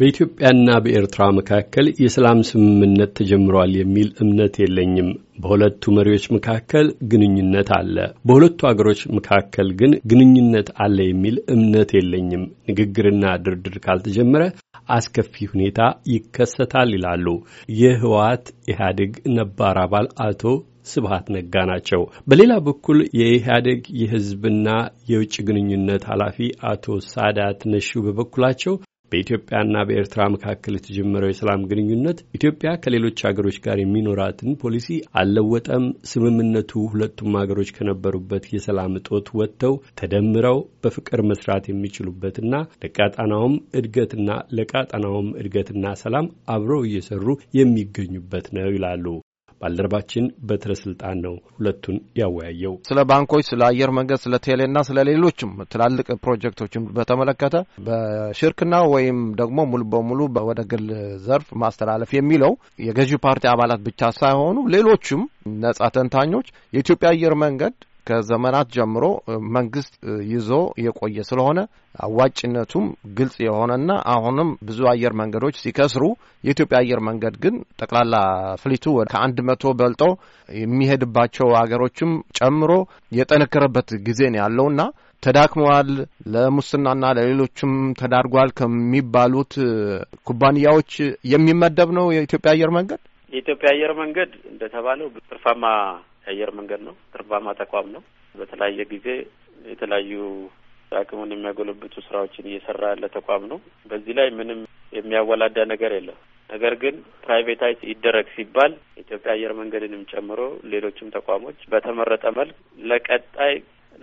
በኢትዮጵያና በኤርትራ መካከል የሰላም ስምምነት ተጀምሯል የሚል እምነት የለኝም። በሁለቱ መሪዎች መካከል ግንኙነት አለ፣ በሁለቱ አገሮች መካከል ግን ግንኙነት አለ የሚል እምነት የለኝም። ንግግርና ድርድር ካልተጀመረ አስከፊ ሁኔታ ይከሰታል ይላሉ የህወሓት ኢህአዴግ ነባር አባል አቶ ስብሃት ነጋ ናቸው። በሌላ በኩል የኢህአዴግ የህዝብና የውጭ ግንኙነት ኃላፊ አቶ ሳዳት ነሹ በበኩላቸው በኢትዮጵያና በኤርትራ መካከል የተጀመረው የሰላም ግንኙነት ኢትዮጵያ ከሌሎች ሀገሮች ጋር የሚኖራትን ፖሊሲ አልለወጠም። ስምምነቱ ሁለቱም ሀገሮች ከነበሩበት የሰላም እጦት ወጥተው ተደምረው በፍቅር መስራት የሚችሉበትና ለቀጣናውም እድገትና ለቀጣናውም እድገትና ሰላም አብረው እየሰሩ የሚገኙበት ነው ይላሉ። ባልደረባችን በትረ ስልጣን ነው ሁለቱን ያወያየው። ስለ ባንኮች፣ ስለ አየር መንገድ፣ ስለ ቴሌና ስለ ሌሎችም ትላልቅ ፕሮጀክቶችን በተመለከተ በሽርክና ወይም ደግሞ ሙሉ በሙሉ ወደ ግል ዘርፍ ማስተላለፍ የሚለው የገዢ ፓርቲ አባላት ብቻ ሳይሆኑ ሌሎችም ነጻ ተንታኞች የኢትዮጵያ አየር መንገድ ከዘመናት ጀምሮ መንግስት ይዞ የቆየ ስለሆነ አዋጭነቱም ግልጽ የሆነና አሁንም ብዙ አየር መንገዶች ሲከስሩ የኢትዮጵያ አየር መንገድ ግን ጠቅላላ ፍሊቱ ከአንድ መቶ በልጦ የሚሄድባቸው ሀገሮችም ጨምሮ የጠነከረበት ጊዜ ነው ያለውና ተዳክመዋል፣ ለሙስናና ለሌሎችም ተዳርጓል ከሚባሉት ኩባንያዎች የሚመደብ ነው የኢትዮጵያ አየር መንገድ። የኢትዮጵያ አየር መንገድ እንደተባለው ትርፋማ የአየር መንገድ ነው። ትርፋማ ተቋም ነው። በተለያየ ጊዜ የተለያዩ አቅሙን የሚያጎለብቱ ስራዎችን እየሰራ ያለ ተቋም ነው። በዚህ ላይ ምንም የሚያወላዳ ነገር የለም። ነገር ግን ፕራይቬታይዝ ይደረግ ሲባል ኢትዮጵያ አየር መንገድንም ጨምሮ ሌሎችም ተቋሞች በተመረጠ መልክ ለቀጣይ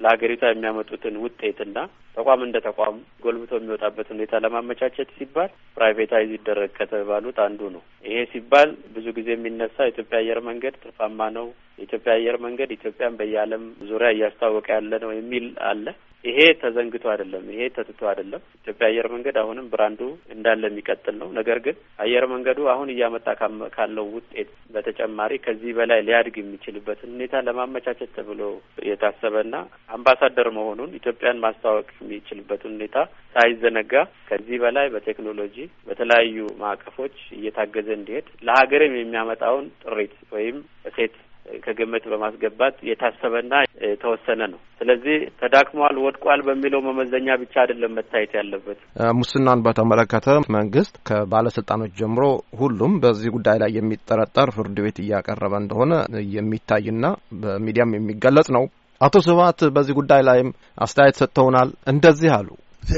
ለሀገሪቷ የሚያመጡትን ውጤትና ተቋም እንደ ተቋም ጎልብቶ የሚወጣበት ሁኔታ ለማመቻቸት ሲባል ፕራይቬታይዝ ይደረግ ከተባሉት አንዱ ነው። ይሄ ሲባል ብዙ ጊዜ የሚነሳ የኢትዮጵያ አየር መንገድ ትርፋማ ነው፣ የኢትዮጵያ አየር መንገድ ኢትዮጵያን በየዓለም ዙሪያ እያስታወቀ ያለ ነው የሚል አለ። ይሄ ተዘንግቶ አይደለም፣ ይሄ ተትቶ አይደለም። ኢትዮጵያ አየር መንገድ አሁንም ብራንዱ እንዳለ የሚቀጥል ነው። ነገር ግን አየር መንገዱ አሁን እያመጣ ካለው ውጤት በተጨማሪ ከዚህ በላይ ሊያድግ የሚችልበትን ሁኔታ ለማመቻቸት ተብሎ የታሰበና አምባሳደር መሆኑን ኢትዮጵያን ማስታወቅ የሚችልበትን ሁኔታ ሳይዘነጋ ከዚህ በላይ በቴክኖሎጂ በተለያዩ ማዕቀፎች እየታገዘ እንዲሄድ ለሀገርም የሚያመጣውን ጥሪት ወይም እሴት ከግምት በማስገባት የታሰበና የተወሰነ ነው። ስለዚህ ተዳክሟል፣ ወድቋል በሚለው መመዘኛ ብቻ አይደለም መታየት ያለበት። ሙስናን በተመለከተ መንግስት ከባለስልጣኖች ጀምሮ ሁሉም በዚህ ጉዳይ ላይ የሚጠረጠር ፍርድ ቤት እያቀረበ እንደሆነ የሚታይና በሚዲያም የሚገለጽ ነው። አቶ ስብሀት በዚህ ጉዳይ ላይም አስተያየት ሰጥተውናል። እንደዚህ አሉ።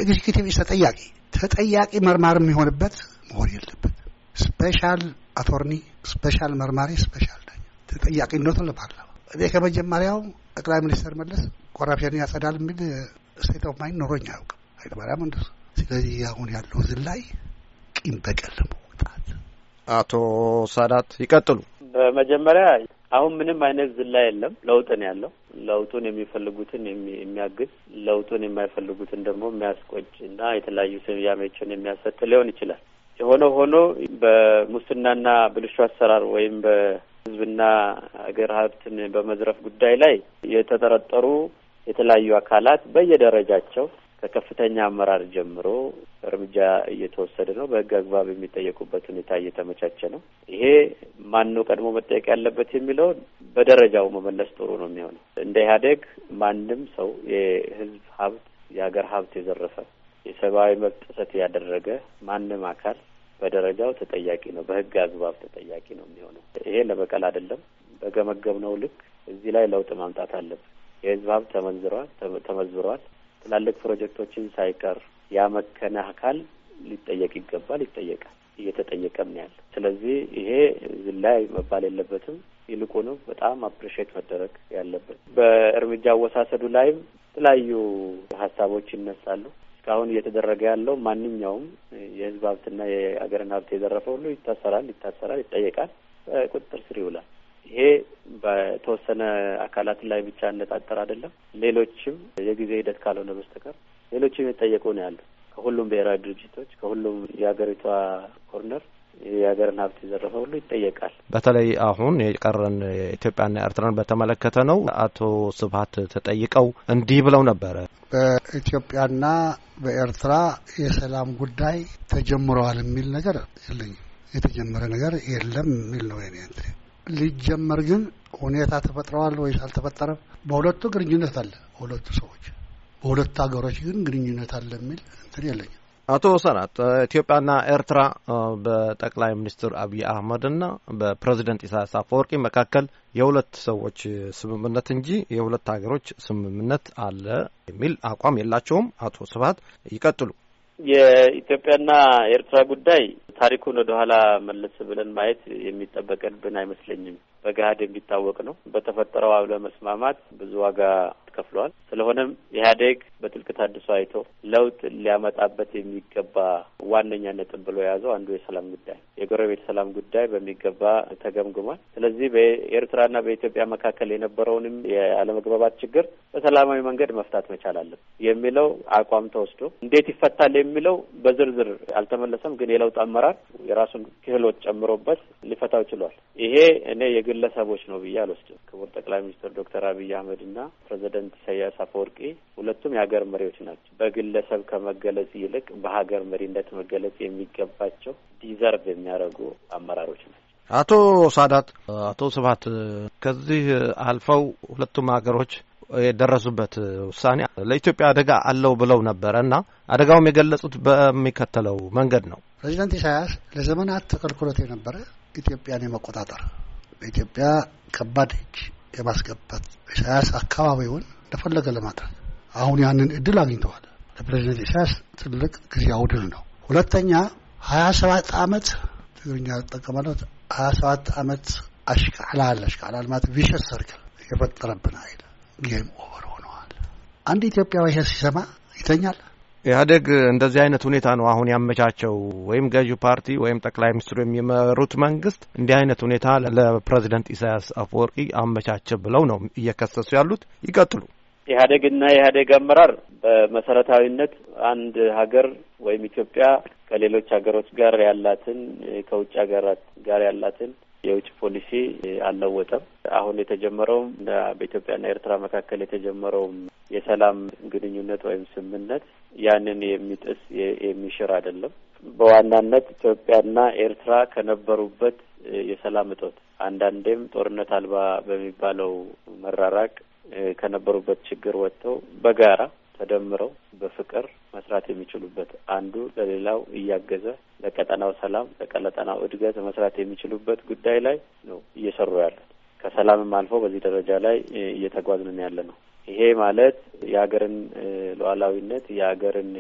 ኤግዚኪቲቭ ተጠያቂ ተጠያቂ መርማር የሚሆንበት መሆን የለበት። ስፔሻል አቶርኒ፣ ስፔሻል መርማሪ፣ ስፔሻል ዳኛ ተጠያቂነቱን ለፓርላማ እኔ ከመጀመሪያው ጠቅላይ ሚኒስትር መለስ ኮራፕሽን ያጸዳል የሚል ስቴት ኦፍ ማይንድ ኖሮኝ አያውቅም። ኃይለማርያም እንደ ስለዚህ አሁን ያለው ዝላይ ቂም በቀል ለመውጣት አቶ ሳዳት ይቀጥሉ። በመጀመሪያ አሁን ምንም አይነት ዝላ የለም። ለውጥን ያለው ለውጡን የሚፈልጉትን የሚያግዝ ለውጡን የማይፈልጉትን ደግሞ የሚያስቆጭ እና የተለያዩ ስያሜዎችን የሚያሰጥ ሊሆን ይችላል። የሆነ ሆኖ በሙስናና ብልሹ አሰራር ወይም በሕዝብና አገር ሀብትን በመዝረፍ ጉዳይ ላይ የተጠረጠሩ የተለያዩ አካላት በየደረጃቸው ከከፍተኛ አመራር ጀምሮ እርምጃ እየተወሰደ ነው። በህግ አግባብ የሚጠየቁበት ሁኔታ እየተመቻቸ ነው። ይሄ ነው ቀድሞ መጠየቅ ያለበት የሚለውን በደረጃው መመለስ ጥሩ ነው የሚሆነው። እንደ ኢህአዴግ ማንም ሰው የህዝብ ሀብት የሀገር ሀብት የዘረፈ የሰብአዊ መብት ጥሰት ያደረገ ማንም አካል በደረጃው ተጠያቂ ነው፣ በህግ አግባብ ተጠያቂ ነው የሚሆነው። ይሄ ለበቀል አይደለም። በገመገብ ነው ልክ እዚህ ላይ ለውጥ ማምጣት አለብን። የህዝብ ሀብት ተመንዝሯል ተመዝብሯል። ትላልቅ ፕሮጀክቶችን ሳይቀር ያመከነ አካል ሊጠየቅ ይገባል፣ ይጠየቃል፣ እየተጠየቀም ያለ። ስለዚህ ይሄ ዝላይ መባል የለበትም። ይልቁንም በጣም አፕሪሼት መደረግ ያለበት። በእርምጃ አወሳሰዱ ላይም የተለያዩ ሀሳቦች ይነሳሉ። እስካሁን እየተደረገ ያለው ማንኛውም የህዝብ ሀብትና የአገርን ሀብት የዘረፈ ሁሉ ይታሰራል፣ ይታሰራል፣ ይጠየቃል፣ ቁጥጥር ስር ይውላል። ይሄ በተወሰነ አካላት ላይ ብቻ ያነጣጠር አይደለም። ሌሎችም የጊዜ ሂደት ካልሆነ በስተቀር ሌሎችም የጠየቁ ነው ያሉ ከሁሉም ብሔራዊ ድርጅቶች ከሁሉም የሀገሪቷ ኮርነር የሀገርን ሀብት የዘረፈ ሁሉ ይጠየቃል። በተለይ አሁን የቀረን ኢትዮጵያና ኤርትራን በተመለከተ ነው። አቶ ስብሀት ተጠይቀው እንዲህ ብለው ነበረ። በኢትዮጵያና በኤርትራ የሰላም ጉዳይ ተጀምረዋል የሚል ነገር የለኝም። የተጀመረ ነገር የለም የሚል ነው ኔ ሊጀመር ግን ሁኔታ ተፈጥረዋል ወይስ አልተፈጠረም? በሁለቱ ግንኙነት አለ። ሁለቱ ሰዎች በሁለቱ ሀገሮች ግን ግንኙነት አለ የሚል እንትን የለኝም። አቶ ሰራት ኢትዮጵያና ኤርትራ በጠቅላይ ሚኒስትር አብይ አህመድና በፕሬዚደንት ኢሳያስ አፈወርቂ መካከል የሁለት ሰዎች ስምምነት እንጂ የሁለት ሀገሮች ስምምነት አለ የሚል አቋም የላቸውም። አቶ ስብሀት ይቀጥሉ። የኢትዮጵያና ኤርትራ ጉዳይ ታሪኩን ወደኋላ መለስ ብለን ማየት የሚጠበቅብን አይመስለኝም። በገሀድ የሚታወቅ ነው። በተፈጠረው መስማማት ብዙ ዋጋ ተከፍሏል። ስለሆነም ኢህአዴግ በጥልቅ ታድሶ አይቶ ለውጥ ሊያመጣበት የሚገባ ዋነኛ ነጥብ ብሎ የያዘው አንዱ የሰላም ጉዳይ፣ የጎረቤት ሰላም ጉዳይ በሚገባ ተገምግሟል። ስለዚህ በኤርትራና በኢትዮጵያ መካከል የነበረውንም የአለመግባባት ችግር በሰላማዊ መንገድ መፍታት መቻል አለን የሚለው አቋም ተወስዶ እንዴት ይፈታል የሚለው በዝርዝር አልተመለሰም። ግን የለውጥ አመራር የራሱን ክህሎት ጨምሮበት ሊፈታው ችሏል። ይሄ እኔ የግለሰቦች ነው ብዬ አልወስድም። ክቡር ጠቅላይ ሚኒስትር ዶክተር አብይ አህመድና ፕሬዚደንት ፕሬዚደንት ኢሳያስ አፈወርቂ ሁለቱም የሀገር መሪዎች ናቸው። በግለሰብ ከመገለጽ ይልቅ በሀገር መሪነት መገለጽ የሚገባቸው ዲዘርቭ የሚያደርጉ አመራሮች ናቸው። አቶ ሳዳት፣ አቶ ስብሀት ከዚህ አልፈው ሁለቱም ሀገሮች የደረሱበት ውሳኔ ለኢትዮጵያ አደጋ አለው ብለው ነበረ እና አደጋውም የገለጹት በሚከተለው መንገድ ነው። ፕሬዚደንት ኢሳያስ ለዘመናት ተከልክሎት የነበረ ኢትዮጵያን የመቆጣጠር በኢትዮጵያ ከባድ እጅ የማስገባት ኢሳያስ አካባቢውን እንደፈለገ ለማድረግ አሁን ያንን እድል አግኝተዋል። ለፕሬዚደንት ኢሳያስ ትልቅ ጊዜያዊ ድል ነው። ሁለተኛ ሀያ ሰባት አመት ትግርኛ ጠቀማለት ሀያ ሰባት ዓመት አሽቃላል አሽቃላል ማለት ቪሸስ ሰርክል የፈጠረብን አይል ጌም ኦቨር ሆነዋል። አንድ ኢትዮጵያዊ ይሄ ሲሰማ ይተኛል። ኢህአዴግ እንደዚህ አይነት ሁኔታ ነው አሁን ያመቻቸው። ወይም ገዢ ፓርቲ ወይም ጠቅላይ ሚኒስትሩ የሚመሩት መንግስት እንዲህ አይነት ሁኔታ ለፕሬዚደንት ኢሳያስ አፈወርቂ አመቻቸ ብለው ነው እየከሰሱ ያሉት። ይቀጥሉ። ኢህአዴግና የኢህአዴግ አመራር በመሰረታዊነት አንድ ሀገር ወይም ኢትዮጵያ ከሌሎች ሀገሮች ጋር ያላትን ከውጭ ሀገራት ጋር ያላትን የውጭ ፖሊሲ አልለወጠም። አሁን የተጀመረውም በኢትዮጵያና ኤርትራ መካከል የተጀመረውም የሰላም ግንኙነት ወይም ስምምነት ያንን የሚጥስ የሚሽር አይደለም። በዋናነት ኢትዮጵያና ኤርትራ ከነበሩበት የሰላም እጦት አንዳንዴም ጦርነት አልባ በሚባለው መራራቅ ከነበሩበት ችግር ወጥተው በጋራ ተደምረው በፍቅር መስራት የሚችሉበት አንዱ ለሌላው እያገዘ ለቀጠናው ሰላም ለቀጠናው እድገት መስራት የሚችሉበት ጉዳይ ላይ ነው እየሰሩ ያለ ከሰላምም አልፎ በዚህ ደረጃ ላይ እየተጓዝንን ያለ ነው። ይሄ ማለት የሀገርን ሉዓላዊነት የሀገርን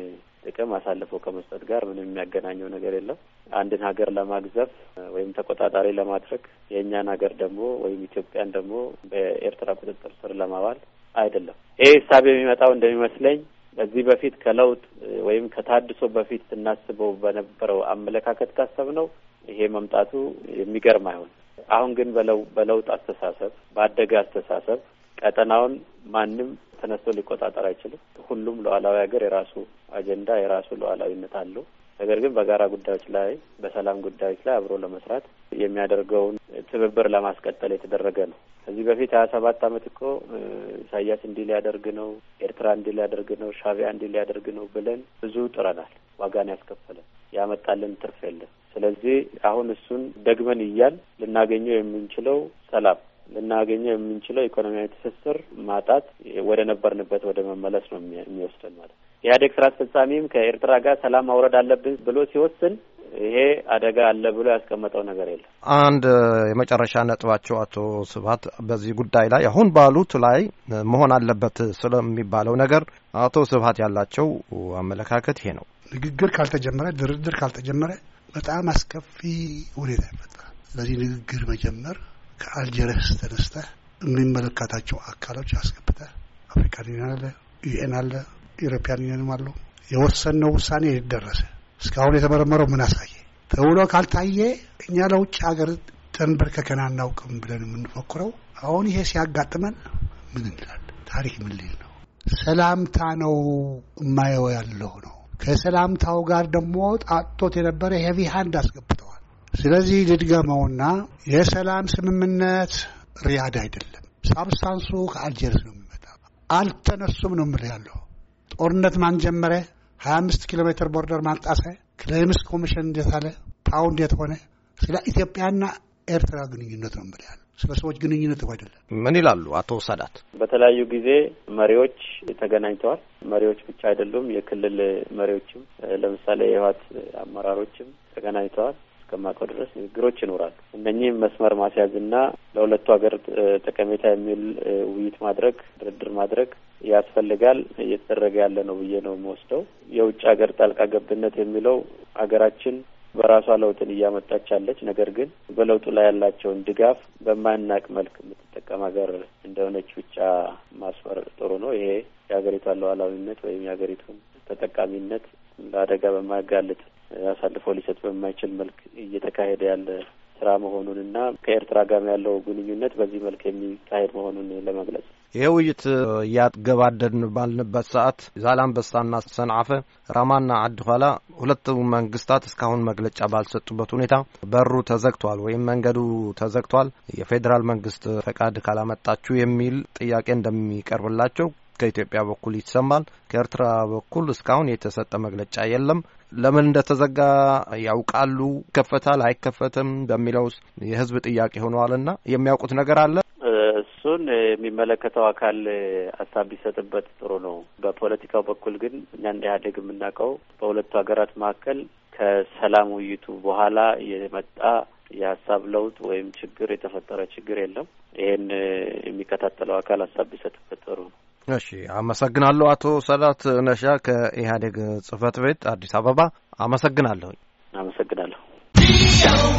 ጥቅም አሳልፎ ከመስጠት ጋር ምንም የሚያገናኘው ነገር የለም። አንድን ሀገር ለማግዘፍ ወይም ተቆጣጣሪ ለማድረግ የእኛን ሀገር ደግሞ ወይም ኢትዮጵያን ደግሞ በኤርትራ ቁጥጥር ስር ለማዋል አይደለም። ይህ ሂሳብ የሚመጣው እንደሚመስለኝ ከዚህ በፊት ከለውጥ ወይም ከታድሶ በፊት ስናስበው በነበረው አመለካከት ነው ይሄ መምጣቱ የሚገርም አይሆን። አሁን ግን በለው በለውጥ አስተሳሰብ ባደገ አስተሳሰብ ቀጠናውን ማንም ተነስቶ ሊቆጣጠር አይችልም። ሁሉም ሉዓላዊ ሀገር የራሱ አጀንዳ፣ የራሱ ሉዓላዊነት አለው። ነገር ግን በጋራ ጉዳዮች ላይ በሰላም ጉዳዮች ላይ አብሮ ለመስራት የሚያደርገውን ትብብር ለማስቀጠል የተደረገ ነው። ከዚህ በፊት ሀያ ሰባት አመት እኮ ኢሳያስ እንዲህ ሊያደርግ ነው፣ ኤርትራ እንዲህ ሊያደርግ ነው፣ ሻቢያ እንዲህ ሊያደርግ ነው ብለን ብዙ ጥረናል። ዋጋን ያስከፈለን ያመጣልን ትርፍ የለም። ስለዚህ አሁን እሱን ደግመን እያል ልናገኘው የምንችለው ሰላም ልናገኘው የምንችለው ኢኮኖሚያዊ ትስስር ማጣት ወደ ነበርንበት ወደ መመለስ ነው የሚወስደን ማለት ኢህአዴግ ስራ አስፈጻሚም ከኤርትራ ጋር ሰላም ማውረድ አለብን ብሎ ሲወስን ይሄ አደጋ አለ ብሎ ያስቀመጠው ነገር የለም። አንድ የመጨረሻ ነጥባቸው አቶ ስብሀት በዚህ ጉዳይ ላይ አሁን ባሉት ላይ መሆን አለበት ስለሚባለው ነገር አቶ ስብሀት ያላቸው አመለካከት ይሄ ነው። ንግግር ካልተጀመረ፣ ድርድር ካልተጀመረ በጣም አስከፊ ሁኔታ ይፈጥራል። ስለዚህ ንግግር መጀመር ከአልጀርስ ተነስተ የሚመለከታቸው አካሎች አስገብተ አፍሪካን ዩኒየን አለ፣ ዩኤን አለ፣ ኢሮፒያን ዩኒየንም አለው። የወሰንነው ውሳኔ የደረሰ እስካሁን የተመረመረው ምን አሳየ ተብሎ ካልታየ እኛ ለውጭ ሀገር ተንበርከከን አናውቅም ብለን የምንፎክረው አሁን ይሄ ሲያጋጥመን ምን እንላለን? ታሪክ ምን ሊል ነው? ሰላምታ ነው የማየው ያለው ነው። ከሰላምታው ጋር ደግሞ ጣጦት የነበረ ሄቪ ሃንድ አስገብቷል። ስለዚህ ልድገመውና የሰላም ስምምነት ሪያድ አይደለም፣ ሳብስታንሱ ከአልጀርስ ነው የሚመጣ። አልተነሱም ነው የምልህ ያለው ጦርነት ማን ጀመረ? አምስት ኪሎ ሜትር ቦርደር ማን ጣሰ? ክሌምስ ኮሚሽን እንዴት አለ? ፓው እንዴት ሆነ? ስለ ኢትዮጵያና ኤርትራ ግንኙነት ነው የምልህ ያለው ስለ ሰዎች ግንኙነት አይደለም። ምን ይላሉ አቶ ሰዳት? በተለያዩ ጊዜ መሪዎች ተገናኝተዋል። መሪዎች ብቻ አይደሉም፣ የክልል መሪዎችም ለምሳሌ የህወሓት አመራሮችም ተገናኝተዋል። እስከማውቀው ድረስ ንግግሮች ይኖራሉ። እነኚህም መስመር ማስያዝና ለሁለቱ ሀገር ጠቀሜታ የሚል ውይይት ማድረግ፣ ድርድር ማድረግ ያስፈልጋል። እየተደረገ ያለ ነው ብዬ ነው የምወስደው። የውጭ ሀገር ጣልቃ ገብነት የሚለው ሀገራችን በራሷ ለውጥን እያመጣች ያለች ነገር ግን በለውጡ ላይ ያላቸውን ድጋፍ በማናቅ መልክ የምትጠቀም ሀገር እንደሆነች ብቻ ማስመር ጥሩ ነው። ይሄ የሀገሪቷን ሉዓላዊነት ወይም የሀገሪቱን ተጠቃሚነት ለአደጋ በማያጋልጥ አሳልፎ ሊሰጥ በማይችል መልክ እየተካሄደ ያለ ስራ መሆኑንና ከኤርትራ ጋር ያለው ግንኙነት በዚህ መልክ የሚካሄድ መሆኑን ለመግለጽ ይሄ ውይይት እያገባደድን ባልንበት ሰዓት ዛላምበሳና ሰንዓፈ፣ ራማና አዲ ኋላ ሁለቱ መንግስታት እስካሁን መግለጫ ባልሰጡበት ሁኔታ በሩ ተዘግቷል ወይም መንገዱ ተዘግቷል፣ የፌዴራል መንግስት ፈቃድ ካላመጣችሁ የሚል ጥያቄ እንደሚቀርብላቸው ከኢትዮጵያ በኩል ይሰማል። ከኤርትራ በኩል እስካሁን የተሰጠ መግለጫ የለም። ለምን እንደተዘጋ ያውቃሉ? ይከፈታል አይከፈትም በሚለውስ የህዝብ ጥያቄ ሆነዋልና የሚያውቁት ነገር አለ። እሱን የሚመለከተው አካል ሀሳብ ቢሰጥበት ጥሩ ነው። በፖለቲካው በኩል ግን እኛ እንደ ኢህአዴግ የምናውቀው በሁለቱ ሀገራት መካከል ከሰላም ውይይቱ በኋላ የመጣ የሀሳብ ለውጥ ወይም ችግር የተፈጠረ ችግር የለም። ይሄን የሚከታተለው አካል ሀሳብ ቢሰጥበት ጥሩ ነው። እሺ፣ አመሰግናለሁ አቶ ሰላት ነሻ ከኢህአዴግ ጽህፈት ቤት አዲስ አበባ። አመሰግናለሁኝ። አመሰግናለሁ።